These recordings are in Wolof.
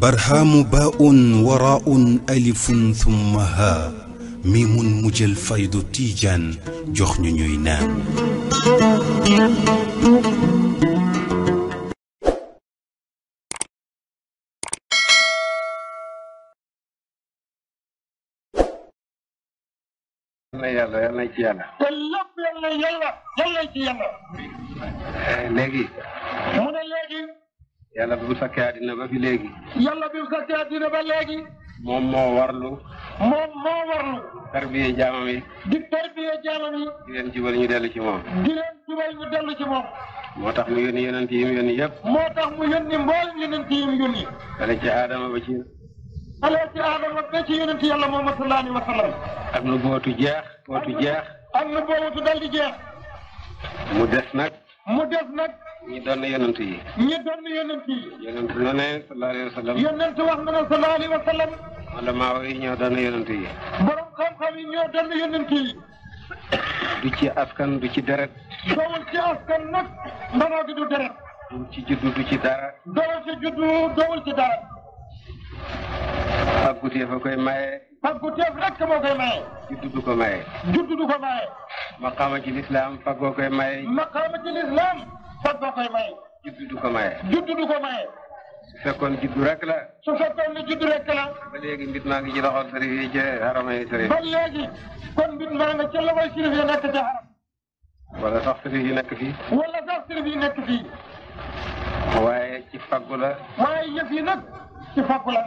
برهام باء وراء ألف ثم ها ميم مجل فيض تيجان جخن نوينا يلا يلا يلا يلا يلا يلا يلا يلا يلا yàlla bi mu sakkee àddina ba fi léegi. yàlla bi mu sakkee àddina ba léegi. moom moo warlu. moom moo warlu. tarbiye jaamam yi. di tarbiye jaamam yi. di leen jubal ñu dellu ci moom. di leen jubal ñu dellu ci moom. moo tax mu yónni yonent yi mu yónni yëpp. moo tax mu yónni mboolem yonent yi mu yónni. dale ci Adama ba ci. dale ci Adama ba ci yonent yàlla moom sallallahu alayhi wa sallam. ak nu bootu jeex. bootu jeex. ak nu bootu dal di jeex. mu des nag. mu des nag. ñi doon yonent yi. ñi doon yonent yi. yonent na ne sallallahu alayhi wa sallam. wax na ne sallallahu alayhi wa sallam. malamaa yi doon yonent yi. borom xam-xam yi doon yonent yi. du ci askan du ci deret. doowul ci askan nag. mbanoo du deret. du ci juddu du ci dara. doowul ci juddu doowul ci dara. pàgguteef a koy maye. pàgguteef rek moo koy maye. juddu du ko maye. juddu lislaam pàggoo koy maye. maqaama lislaam. soppoo koy maye. juddu ko maye. juddu du ko maye. su fekkoon juddu rek la. su fekkoon ni juddu rek la. ba léegi mbit maa ngi ci loxol sërif yi ca xarama yi sërif. léegi kon mbit maa nga ca loxol sërif nekk ca xaram. wala sax nekk fii. waaye ci faggu la. waaye yëf yi nag ci faggu la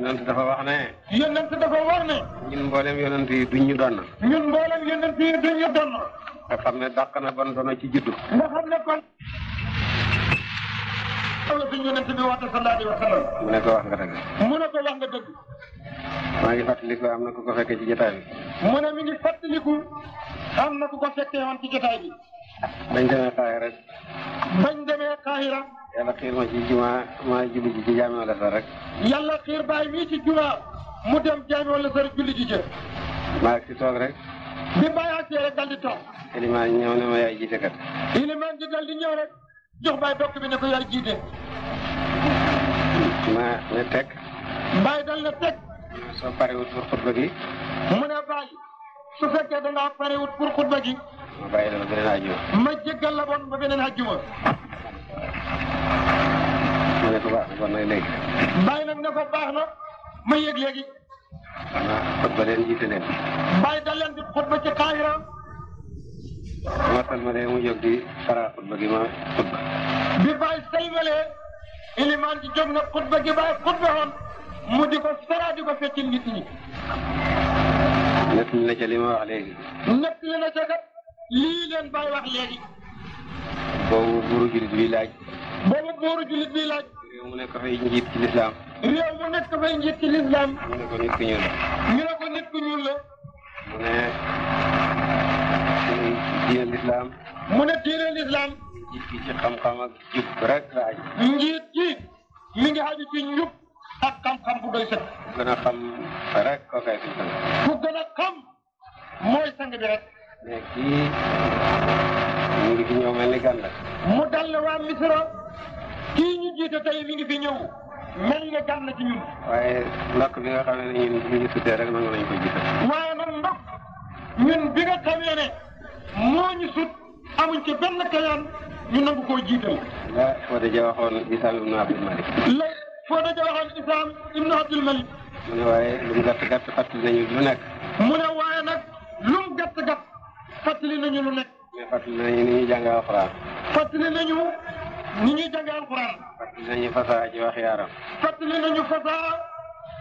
nag. dafa wax ne. yonent dafa wax ne. ñun mboolem ñu doon. ñun mboolem ñu doon. nga ne dàq na ban dono ci juddu. nga xam ne kon. wala fi yonent bi woote sallallahu alayhi wa sallam. mu ne ko wax nga dëgg. mu ne ko wax nga dëgg. maa ngi fàttaliku am na ku ko fekkee ci jotaay bi. mu ne mi ngi fàttaliku am na ku ko fekkee woon ci jotaay bi. bañ demee Kaahira. bañ demee Kaahira. yàlla xiir ma ci juma ma julli ji ci jaami wala sar rek. yàlla xiir baay mii ci juma mu dem jaami wala sar julli ji jë. maa ngi si toog rek. bi mbaay ak rek dal di toog. ilimaan ñëw ne ma yaay jiite kat. ilimaan ji dal di ñëw rek. jox baay dokk bi ne ko yaay jiite. ma ne teg. mbaay dal na teg. soo parewut pour xutba gi. mu ne baay su fekkee da ngaa parewut pour xutba gi. ma bàyyi la ba beneen àjjuma. ma jéggal la bon ba beneen àjjuma. ma ne ko baax na kon nag léegi. mbaay nag ne ko baax na ma yëg léegi. xanaa xutba leen jiite leen. mbaay dal leen di xutba ci xaayiraam. moo salmalee mu jóg di faral xutba gi ma xutba bi baay salmalee ilimaan ci jóg na xutba gi baay xutba woon mu di ko sara di ko feccil nit ñi nett na ca li ma wax léegi nett na ca kat lii leen baay wax léegi boobu buuru julit bi laaj boobu buuru julit bi laaj réew mu nekk fay njiit ci lislaam réew mu nekk fay njiit ci lislaam ñu ne ko nit ku ñuul la ñu ne ko nit ku ñuul la mu ne lislaam mu ne diine lislaam njiit gi ci xam-xam ak jub rek la aju njiit gi mi ngi aju ci njub ak xam-xam bu doy sëkk ku gën a xam rek ko kay si sang ku a xam mooy sang bi rek mais mu ngi fi ñëw mel ni gan nag mu dal la waa misra kii ñu jiite tey mi ngi fi ñëw mel nga gan ci ñun waaye ndokk bi nga xam ne ñun ñu ngi bi nga xamee moo ñu sut amuñ ca benn kayaan ñu nangu koo jiital. la Fodé Dia waxoon Isaam ibnu Abdul Malik. la Fodé Dia ibnu Abdul Malik. mu ne waaye lu mu gàtt gàtt fàttali nañu lu nekk. mu ne waaye nag lu mu gàtt gàtt fàttali nañu lu nekk. mais fàttali nañu ni ñuy jàng alxuraan. fàttali nañu ni ñuy jàng alxuraan. fàttali nañu fasaa ci wax yaaram. fàttali nañu fasaa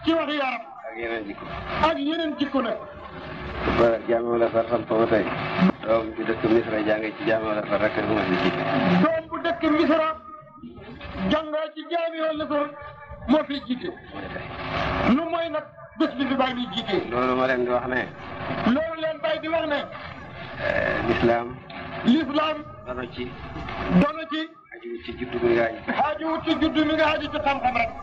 ci wax yaaram. ak yeneen jikko. ak yeneen jikko nag. ba jaamu doom bu dëkk Misra jàng ci jaami wala fa rek mu fi jiite. doom bu dëkk Misra jàng ci jaami wala fa moo fi jiite. lu mooy nag bés bi fi bàyyi di jiite. loolu ma leen di wax ne. loolu leen bàyyi di wax ne. Eh, lislaam. lislaam. dono ci. dono ci. ajuwut ci juddu mi nga aju. ajuwut ci juddu mi nga aju ci xam-xam rek.